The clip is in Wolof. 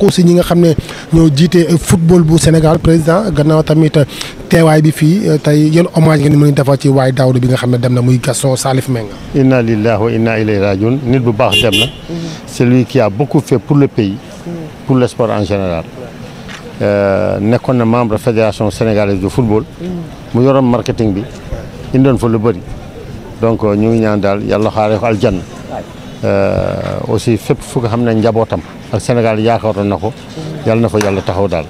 sàkku si ñi nga xam ne ñoo jiite football bu Sénégal président gannaaw tamit teewaay bi fii euh, tey yéen hommage ngeen mën a defal ci waay daawdu bi nga xam ne dem na muy Gaston Salif Menga. inna lillahi wa inna ilayhi rajiun nit bu baax dem na. celui qui a beaucoup fait pour le pays. pour le sport en général. Euh, nekkoon na membre fédération sénégalaise de football. mu yoroon marketing bi. indoon fa lu bëri. donc euh, ñu ngi ñaan daal yàlla xaaree ko aljanna Euh, aussi fépp fu nga xam ne njabootam ak Sénégal yaakaaroon na ko yàlla na fa yàlla taxaw daal.